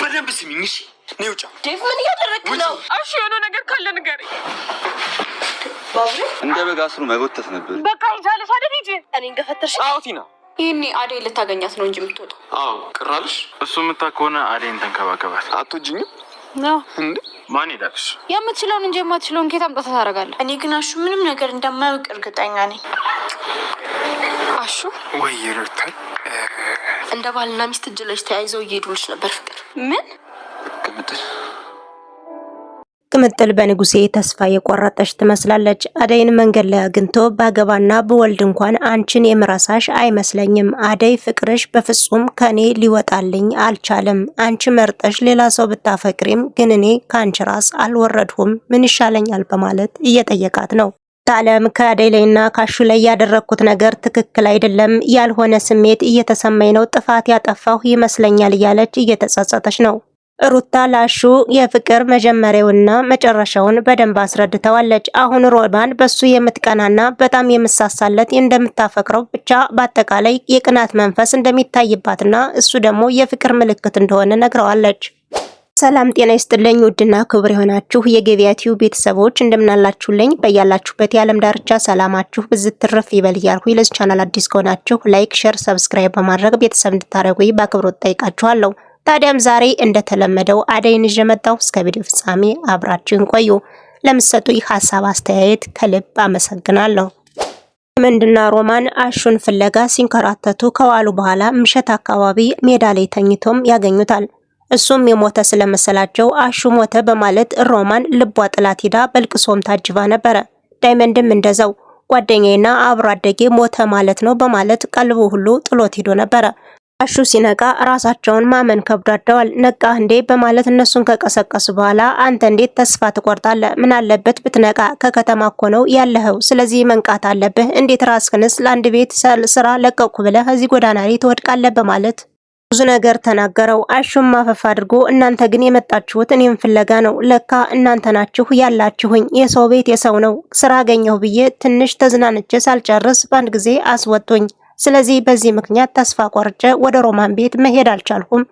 በደንብ ስሚኝ እሺ። ነይ ውጫ። ዴቭ ምን እያደረግ ነው? እሺ የሆነ ነገር ካለ ንገረኝ። እንደ በግ አስሮ መጎተት ነበር። በቃ ይዛለሽ አይደል? ሂጂ። እኔ እንደፈተሽ። አዎ ቲና፣ ይህኔ አዴ ልታገኛት ነው እንጂ የምትወጣው። አዎ ቅራልሽ። እሱ የምታ ከሆነ አዴን ተንከባከባት። አትወጂኝም ነው እንዴ? ማን ይላክሽ? የምትችለውን እንጂ የማትችለውን ኬት አምጣት ታደርጋለህ። እኔ ግን አሹ ምንም ነገር እንደማያውቅ እርግጠኛ ነኝ። አሹ ወይ ሮታ እንደ ባልና ሚስት እጅ ለእጅ ተያይዘው እየሄዱልሽ ነበር ፍቅር ምን ቅምጥል ቅምጥል በንጉሴ ተስፋ የቆረጠች ትመስላለች። አደይን መንገድ ላይ አግኝቶ ባገባና ብወልድ እንኳን አንቺን የምረሳሽ አይመስለኝም። አደይ ፍቅርሽ በፍጹም ከኔ ሊወጣልኝ አልቻለም። አንቺ መርጠሽ ሌላ ሰው ብታፈቅሪም ግን እኔ ከአንቺ ራስ አልወረድሁም፣ ምን ይሻለኛል በማለት እየጠየቃት ነው። ከአለም ከአደይ ላይና ካሹ ላይ ያደረግኩት ነገር ትክክል አይደለም፣ ያልሆነ ስሜት እየተሰማኝ ነው፣ ጥፋት ያጠፋሁ ይመስለኛል እያለች እየተጸጸተች ነው። ሩታ ላሹ የፍቅር መጀመሪያውና መጨረሻውን በደንብ አስረድተዋለች። አሁን ሮማን በሱ የምትቀናና በጣም የምሳሳለት እንደምታፈቅረው ብቻ በአጠቃላይ የቅናት መንፈስ እንደሚታይባትና እሱ ደግሞ የፍቅር ምልክት እንደሆነ ነግረዋለች። ሰላም ጤና ይስጥልኝ። ውድና ክቡር የሆናችሁ የገቢያ ቲዩብ ቤተሰቦች እንደምናላችሁልኝ በያላችሁበት የዓለም ዳርቻ ሰላማችሁ ብዝት ትርፍ ይበል እያልኩ ለዚህ ቻናል አዲስ ከሆናችሁ ላይክ፣ ሼር፣ ሰብስክራይብ በማድረግ ቤተሰብ እንድታደረጉ በአክብሮት ጠይቃችኋለሁ። ታዲያም ዛሬ እንደተለመደው አደይን ይዤ መጣሁ። እስከ ቪዲዮ ፍጻሜ አብራችሁን ቆዩ። ለምትሰጡኝ ሀሳብ አስተያየት ከልብ አመሰግናለሁ። ምንድና ሮማን አሹን ፍለጋ ሲንከራተቱ ከዋሉ በኋላ ምሽት አካባቢ ሜዳ ላይ ተኝቶም ያገኙታል። እሱም የሞተ ስለመሰላቸው አሹ ሞተ በማለት ሮማን ልቧ ጥላት ሂዳ በልቅሶም ታጅባ ነበረ። ዳይመንድም እንደዛው ጓደኛዬና አብሮ አደጌ ሞተ ማለት ነው በማለት ቀልቡ ሁሉ ጥሎት ሂዶ ነበረ። አሹ ሲነቃ ራሳቸውን ማመን ከብዷቸዋል። ነቃ እንዴ በማለት እነሱን ከቀሰቀሱ በኋላ አንተ እንዴት ተስፋ ትቆርጣለህ? ምን አለበት ብትነቃ፣ ከከተማ እኮ ነው ያለኸው። ስለዚህ መንቃት አለብህ። እንዴት ክንስ ለአንድ ቤት ስራ ለቀቁ ብለህ እዚህ ጎዳና ላይ ትወድቃለህ? በማለት ብዙ ነገር ተናገረው። አሹም ማፈፍ አድርጎ እናንተ ግን የመጣችሁት እኔም ፍለጋ ነው፣ ለካ እናንተ ናችሁ ያላችሁኝ። የሰው ቤት የሰው ነው። ስራ አገኘሁ ብዬ ትንሽ ተዝናንቼ ሳልጨርስ በአንድ ጊዜ አስወጡኝ። ስለዚህ በዚህ ምክንያት ተስፋ ቆርጬ ወደ ሮማን ቤት መሄድ አልቻልሁም።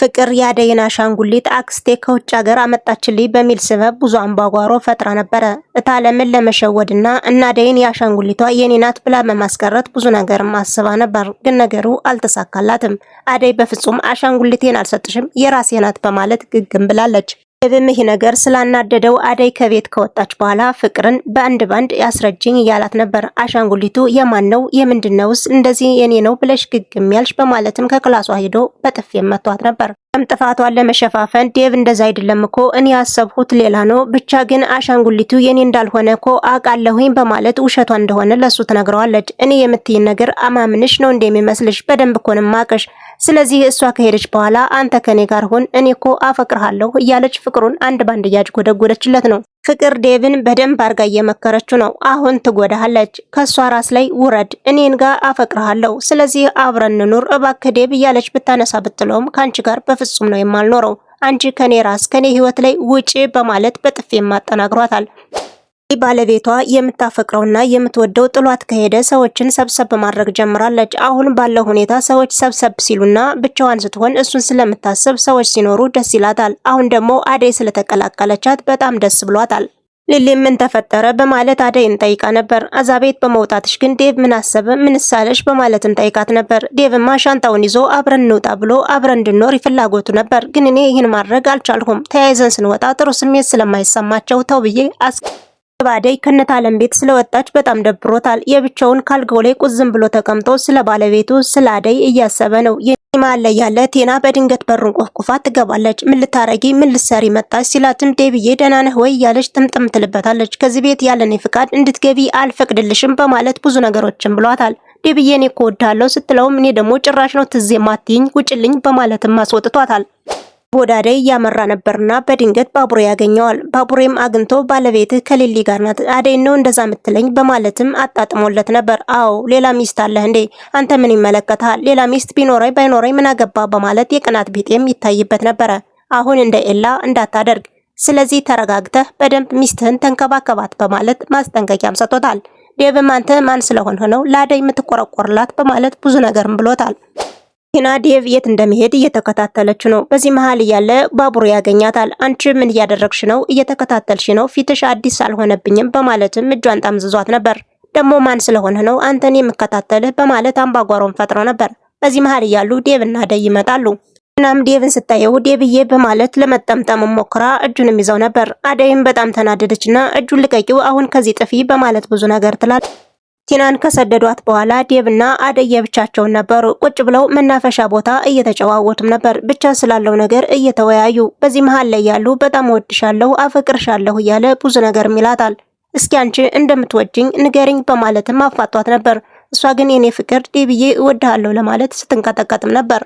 ፍቅር የአደይን አሻንጉሊት አክስቴ ከውጭ ሀገር አመጣችልኝ በሚል ስበብ ብዙ አምባጓሮ ፈጥራ ነበረ። እታለምን ለመሸወድና እና አደይን የአሻንጉሊቷ የኔ ናት ብላ በማስቀረት ብዙ ነገር አስባ ነበር። ግን ነገሩ አልተሳካላትም። አደይ በፍጹም አሻንጉሊቴን አልሰጥሽም የራሴ ናት በማለት ግግም ብላለች። ደብም ይህ ነገር ስላናደደው አደይ ከቤት ከወጣች በኋላ ፍቅርን በአንድ ባንድ ያስረጅኝ እያላት ነበር። አሻንጉሊቱ የማን ነው የምንድነውስ እንደዚህ የኔ ነው ብለሽ ግግም ያልሽ በማለትም ከክላሷ ሄዶ በጥፊ መቷት ነበር። ጥፋቷን ለመሸፋፈን ዴቭ እንደዛ አይደለም እኮ እኔ ያሰብሁት ሌላ ነው፣ ብቻ ግን አሻንጉሊቱ የኔ እንዳልሆነ እኮ አውቃለሁኝ በማለት ውሸቷ እንደሆነ ለሱ ትነግረዋለች። እኔ የምትይን ነገር አማምንሽ ነው እንደሚመስልሽ በደንብ እኮ ነው የማውቅሽ። ስለዚህ እሷ ከሄደች በኋላ አንተ ከኔ ጋር ሁን፣ እኔ እኮ አፈቅርሃለሁ እያለች ፍቅሩን አንድ ባንድ እያጅ ጎደጎደችለት ነው። ፍቅር ዴቭን በደንብ አርጋ እየመከረችው ነው። አሁን ትጎዳሃለች፣ ከሷ ራስ ላይ ውረድ፣ እኔን ጋር አፈቅርሃለሁ፣ ስለዚህ አብረን ኑር እባክህ ዴቭ እያለች ብታነሳ ብትለውም ከአንቺ ጋር በፍጹም ነው የማልኖረው፣ አንቺ ከኔ ራስ ከኔ ህይወት ላይ ውጪ በማለት በጥፌ ማጠናግሯታል። ባለቤቷ የምታፈቅረውና የምትወደው ጥሏት ከሄደ ሰዎችን ሰብሰብ በማድረግ ጀምራለች። አሁን ባለው ሁኔታ ሰዎች ሰብሰብ ሲሉና ብቻዋን ስትሆን እሱን ስለምታስብ ሰዎች ሲኖሩ ደስ ይላታል። አሁን ደግሞ አደይ ስለተቀላቀለቻት በጣም ደስ ብሏታል። ሊሊም ምን ተፈጠረ በማለት አደይን ጠይቃ ነበር። እዛ ቤት በመውጣትሽ ግን ዴቭ ምን አሰበ ምንሳለሽ በማለትም ጠይቃት ነበር። ዴቭማ ሻንጣውን ይዞ አብረን እንውጣ ብሎ አብረን እንድንኖር ይፍላጎቱ ነበር፣ ግን እኔ ይህን ማድረግ አልቻልሁም። ተያይዘን ስንወጣ ጥሩ ስሜት ስለማይሰማቸው ተው ብዬ ባደይ ከነት አለም ቤት ስለወጣች በጣም ደብሮታል። የብቻውን ካልጋው ላይ ቁዝም ብሎ ተቀምጦ ስለ ባለቤቱ ስለ አደይ እያሰበ ነው። መሀል ላይ ያለ ቴና በድንገት በሩን ቆፍቁፋ ትገባለች። ምን ልታረጊ ምን ልትሰሪ መጣች ሲላትም ዴብዬ ደህና ነህ ወይ እያለች ጥምጥም ትልበታለች። ከዚህ ቤት ያለኔ ፍቃድ እንድትገቢ አልፈቅድልሽም በማለት ብዙ ነገሮችን ብሏታል። ዴብዬ እኔ እኮ እወድሃለሁ ስትለውም እኔ ደግሞ ጭራሽ ነው ትዜ የማትይኝ ውጭልኝ በማለትም አስወጥቷታል። ወዳደ እያመራ ነበርና በድንገት ባቡሬ ያገኘዋል። ባቡሬም አግኝቶ ባለቤትህ ከሊሊ ጋር ናት፣ አደይ ነው እንደዛ ምትለኝ በማለትም አጣጥሞለት ነበር። አዎ ሌላ ሚስት አለህ እንዴ? አንተ ምን ይመለከታል? ሌላ ሚስት ቢኖረኝ ባይኖረኝ ምን አገባ? በማለት የቅናት ቢጤም ይታይበት ነበረ። አሁን እንደ ኤላ እንዳታደርግ፣ ስለዚህ ተረጋግተህ በደንብ ሚስትህን ተንከባከባት በማለት ማስጠንቀቂያም ሰጥቶታል። ዴብም አንተ ማን ስለሆንህ ነው ለአደይ የምትቆረቆርላት? በማለት ብዙ ነገርም ብሎታል። ቲና ዴቭ የት እንደሚሄድ እየተከታተለች ነው። በዚህ መሀል እያለ ባቡር ያገኛታል። አንቺ ምን እያደረግሽ ነው? እየተከታተልሽ ነው? ፊትሽ አዲስ አልሆነብኝም በማለትም እጇን ጠምዝዟት ነበር። ደግሞ ማን ስለሆነ ነው አንተን የምከታተልህ? በማለት አምባጓሮን ፈጥሮ ነበር። በዚህ መሀል እያሉ ዴቭ እና አደይ ይመጣሉ። እናም ዴቭን ስታየው ዴቭዬ በማለት ለመጠምጠም ሞክራ እጁንም ይዘው ነበር። አደይም በጣም ተናደደችና እጁን ልቀቂው አሁን ከዚህ ጥፊ በማለት ብዙ ነገር ትላል ቲናን ከሰደዷት በኋላ ዴብና አደየ ብቻቸውን ነበሩ። ቁጭ ብለው መናፈሻ ቦታ እየተጨዋወቱም ነበር፣ ብቻ ስላለው ነገር እየተወያዩ። በዚህ መሀል ላይ ያሉ በጣም ወድሻለሁ፣ አፈቅርሻለሁ እያለ ብዙ ነገርም ይላታል። እስኪ አንቺ እንደምትወጅኝ ንገሪኝ በማለትም አፋጧት ነበር። እሷ ግን የኔ ፍቅር ዴብዬ እወድሃለሁ ለማለት ስትንቀጠቀጥም ነበር።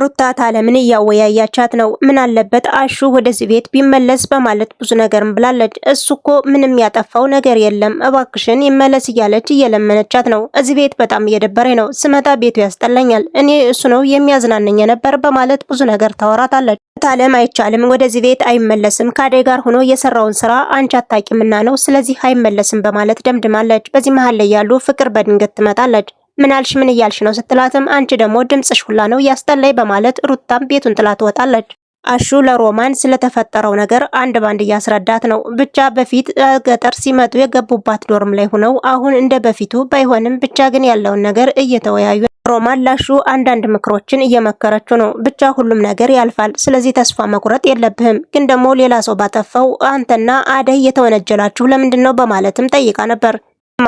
ሩታት ታለምን እያወያያቻት ነው። ምን አለበት አሹ ወደዚህ ቤት ቢመለስ በማለት ብዙ ነገርም ብላለች። እሱ እኮ ምንም ያጠፋው ነገር የለም እባክሽን ይመለስ እያለች እየለመነቻት ነው። እዚህ ቤት በጣም እየደበረኝ ነው፣ ስመጣ ቤቱ ያስጠላኛል፣ እኔ እሱ ነው የሚያዝናነኝ ነበር በማለት ብዙ ነገር ታወራታለች። ታለም አይቻልም፣ ወደዚህ ቤት አይመለስም፣ ከአደይ ጋር ሆኖ የሰራውን ስራ አንቺ አታቂምና ነው፣ ስለዚህ አይመለስም በማለት ደምድማለች። በዚህ መሀል ላይ ያሉ ፍቅር በድንገት ትመጣለች። ምናልሽ ምን እያልሽ ነው ስትላትም አንቺ ደግሞ ድምፅሽ ሁላ ነው ያስጠላይ በማለት ሩታም ቤቱን ጥላ ትወጣለች። አሹ ለሮማን ስለተፈጠረው ነገር አንድ ባንድ እያስረዳት ነው። ብቻ በፊት ገጠር ሲመጡ የገቡባት ዶርም ላይ ሆነው አሁን እንደ በፊቱ ባይሆንም ብቻ ግን ያለውን ነገር እየተወያዩ ሮማን ላሹ አንዳንድ ምክሮችን እየመከረችው ነው። ብቻ ሁሉም ነገር ያልፋል፣ ስለዚህ ተስፋ መቁረጥ የለብህም። ግን ደግሞ ሌላ ሰው ባጠፋው አንተና አደይ የተወነጀላችሁ ለምንድን ነው በማለትም ጠይቃ ነበር።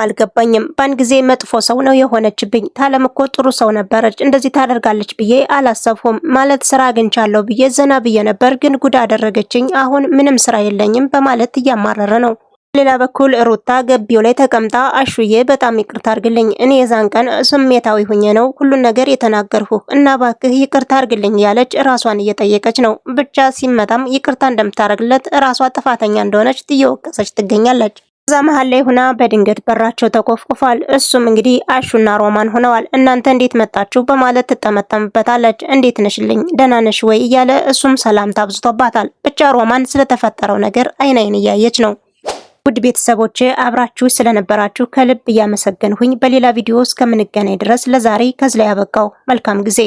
አልገባኝም። በአንድ ጊዜ መጥፎ ሰው ነው የሆነችብኝ። ታለም እኮ ጥሩ ሰው ነበረች። እንደዚህ ታደርጋለች ብዬ አላሰብሁም ማለት ስራ አግኝቻለሁ ብዬ ዘና ብዬ ነበር፣ ግን ጉድ አደረገችኝ። አሁን ምንም ስራ የለኝም በማለት እያማረረ ነው። ሌላ በኩል ሩታ ገቢው ላይ ተቀምጣ አሹዬ በጣም ይቅርታ አርግልኝ፣ እኔ የዛን ቀን ስሜታዊ ሁኜ ነው ሁሉን ነገር የተናገርሁ እና ባክህ ይቅርታ አርግልኝ ያለች ራሷን እየጠየቀች ነው። ብቻ ሲመጣም ይቅርታ እንደምታደርግለት ራሷ ጥፋተኛ እንደሆነች እየወቀሰች ትገኛለች። እዛ መሀል ላይ ሁና በድንገት በራቸው ተቆፍቁፏል። እሱም እንግዲህ አሹና ሮማን ሆነዋል። እናንተ እንዴት መጣችሁ በማለት ትጠመጠምበታለች። እንዴት ነሽልኝ ደህና ነሽ ወይ እያለ እሱም ሰላምታ አብዝቶባታል። ብቻ ሮማን ስለተፈጠረው ነገር አይን አይን እያየች ነው። ውድ ቤተሰቦቼ አብራችሁ ስለነበራችሁ ከልብ እያመሰገንሁኝ በሌላ ቪዲዮ እስከምንገናኝ ድረስ ለዛሬ ከዚህ ላይ ያበቃው። መልካም ጊዜ